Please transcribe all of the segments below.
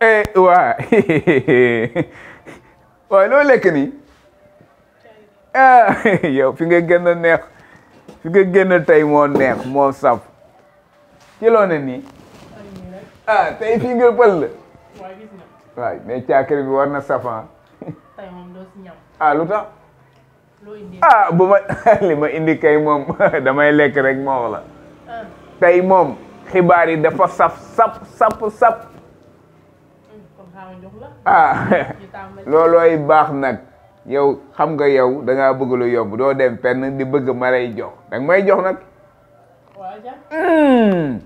waa waaye loo lekk nii ah, yow fi nga gën a neex fi gën a tey moo neex moo saf ci loo nii ah tey fii nga pël la waaw mais caakiri bi war na safan ah. ah lu tax ah bu ma li ma indi kay moom damay lekk rek moo la ah. tey moom xibaar yi dafa saf saf saf saf ah loolooy baax nag yow xam nga yow danga ngaa bëgg lu yomb doo dem penn di bëgg ma lay jox danga may jox nag hmm.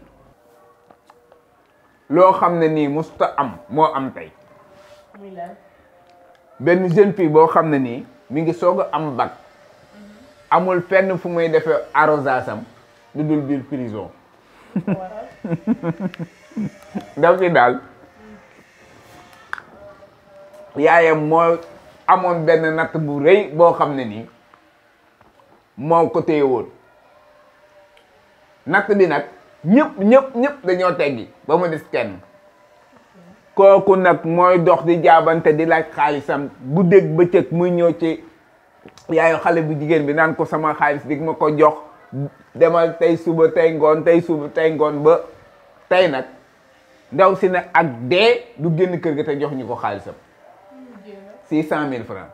loo xam ne nii musta am moo am tey benn jeune fille boo xam ne nii mi ngi soog a am bac mm-hmm. amul fenn fu muy defee arrosage am lu dul biir prison daf fi daal yaayam moo amoon benn natt bu rëy boo xam ne nii moo ko téye woon natt bi nag ñëpp ñëpp ñëpp dañoo teggi ba mu des kenn kooku nag mooy dox di jaabante di laaj xaalisam guddeeg bëccëg muy ñëw ci yaayu xale bu jigéen bi naan ko sama xaalis di ma ko jox demal tey suba tey ngoon tey suba tey ngoon ba tey nag ndaw si nag ak dee du génn kër ga te jox ñu ko xaalisam six cent mille francs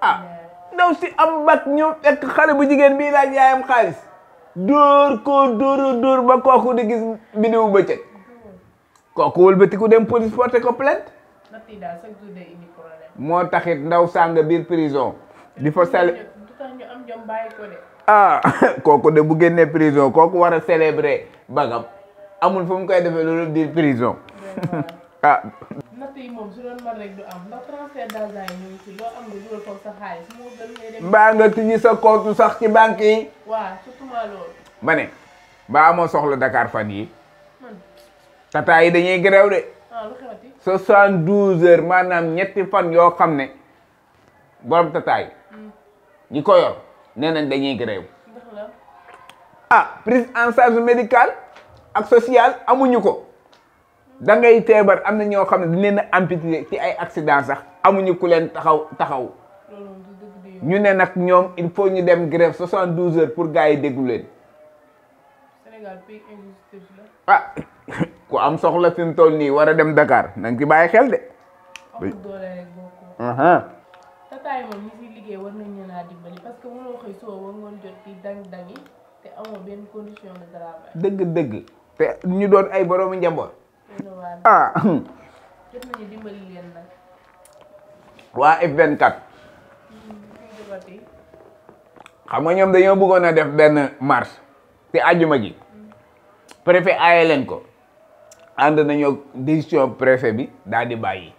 ah ndaw si am bac ñoom fekk xale bu jigéen bii laaj yaayam xaalis dóor koo dóora dóor ba kooku di gis bidéwu bëccëg kooku wëlbatiku dem police porté ko plainte moo taxit ndaw sàng biir prison di fa sale ah kooku de bu génnee prison kooku war a célébrer bagam amul fu mu koy defee loolu biir prison ah natt moom su doon mën rek du am mbaa nga tijji sa compte sax ci banque yi. waaw surtout ma loolu. soxla Dakar fan yi tata yi dañuy gërëw de. ah lu xewati. soixante douze maanaam ñetti fan yoo xam ne borom tata hmm. ñi ko yor nee nañ dañuy gërëw. ah prise en charge médicale ak sociale amuñu ko. da ngay feebar am na ñoo xam ne dañ leen a ci ay accident sax amuñu ku leen taxaw taxaw ñu ne nag ñoom il faut ñu dem grève soixante douze heures pour gars yi déglu leen ah ku am soxla fi mu toll nii war a dem Dakar na nga ci bàyyi xel de. tataay moom que mënoo te amoo benn dëgg-dëgg te ñu doon ay boroomu njaboot. ah. waa xam nga ñoom dañoo bëggoon a def benn marche te àjjuma ji. préfet aaye ko. ànd nañu décision préfet bi daal bàyyi.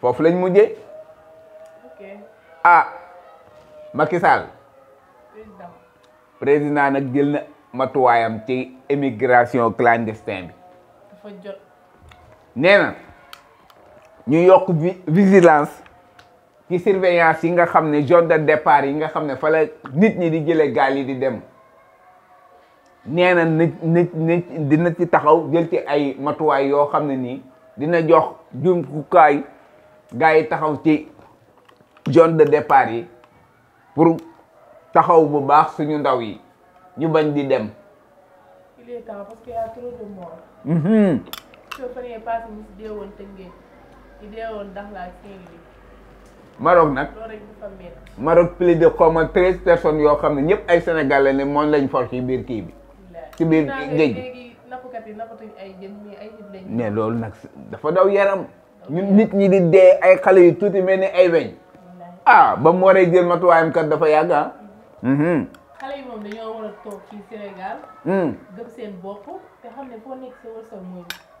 foofu lañ mujjee. ah Macky président nag jël na matuwaayam ci émigration clandestine bi. dafa jot. ñu yokk vigilance ci surveillance yi nga xam ne zone de départ yi nga xam ne fa la nit ñi di jëlee gaal yi di dem neena na nit dina ci taxaw jël ci ay matuwaay yoo xam ne nii dina jox jumtukaay gaa yi taxaw ci zone de départ yi pour taxaw bu baax suñu ndaw yi ñu bañ di dem. il parce qu'il y mm-hmm. nag loolu rek dafa plus de xaw ma treize yoo xam ne ñëpp ay sénégalais ne moom lañ for ci biir kii bi. ci biir géej gi loolu nag dafa daw yaram. nit ñi di dee ay xale yu tuuti mel ni ay weñ. ah ba mu waree jël matuwaayam kat dafa yàgga ah. mm-hmm. mm-hmm. xale hmm.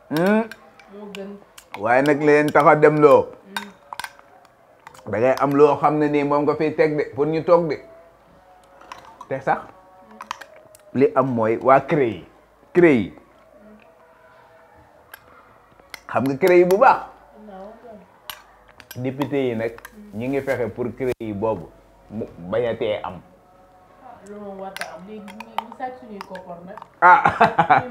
hmm. waaye nag leen taxa dem loo. Hmm. da am loo xam ne nii moom nga fiy teg de pour ñu togg de te sax li am mooy waa CREI yi CREI yi xam nga CREI yi bu baax député yi nag ñi ngi fexe pour CREI yi boobu mu bañatee am ah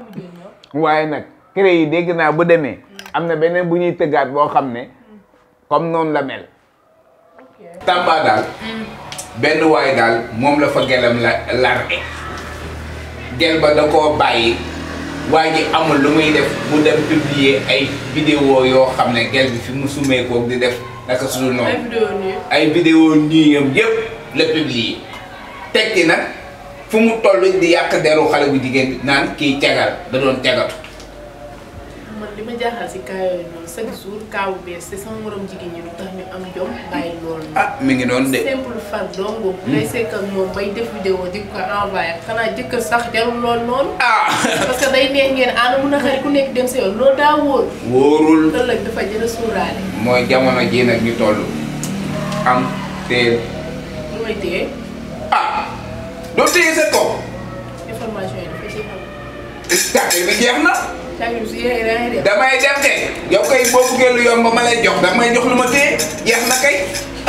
waaye nag cré yi dégg naa bu demee hmm. am na beneen bu ñuy tëggaat boo xam ne hmm. comme noonu la mel Tamba daal hmm. benn waay daal moom la fa gelam la large gel ba da koo bàyyi waa ji amul lu muy def bu dem publier ay vidéo yoo xam ne gel bi fi mu sumee koog di def naka su dul ay vidéo nii yam yëpp la publier tekki nag fu mu toll di yàq deru xale bu jigéen bi naan kii cagal da doon cagatu. man li ma jaaxal si kaa yooyu noonu chaque jour kaa bu bees te sama morom jigéen ñi lu tax ñu am jom bàyyi loolu. Ah, ngi noonu de. simple fan hmm. def vidéo di ko jëkkër sax jarul lool noonu. ah parce ah, nekk dem sa yoon loolu daa a suuraale. mooy jamono jii nag ñu toll am teel. lu may téye. doo téye sa tool. information yi dafa ciy xaw. carte bi jeex na. damay dem de. yow kay boo buggee lu yomb ma lay jox damay jox lu ma téye jeex na kay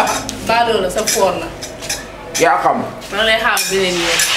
ah. Badoo la sa foor la. yaa xam. man lay xaar beneen yoon.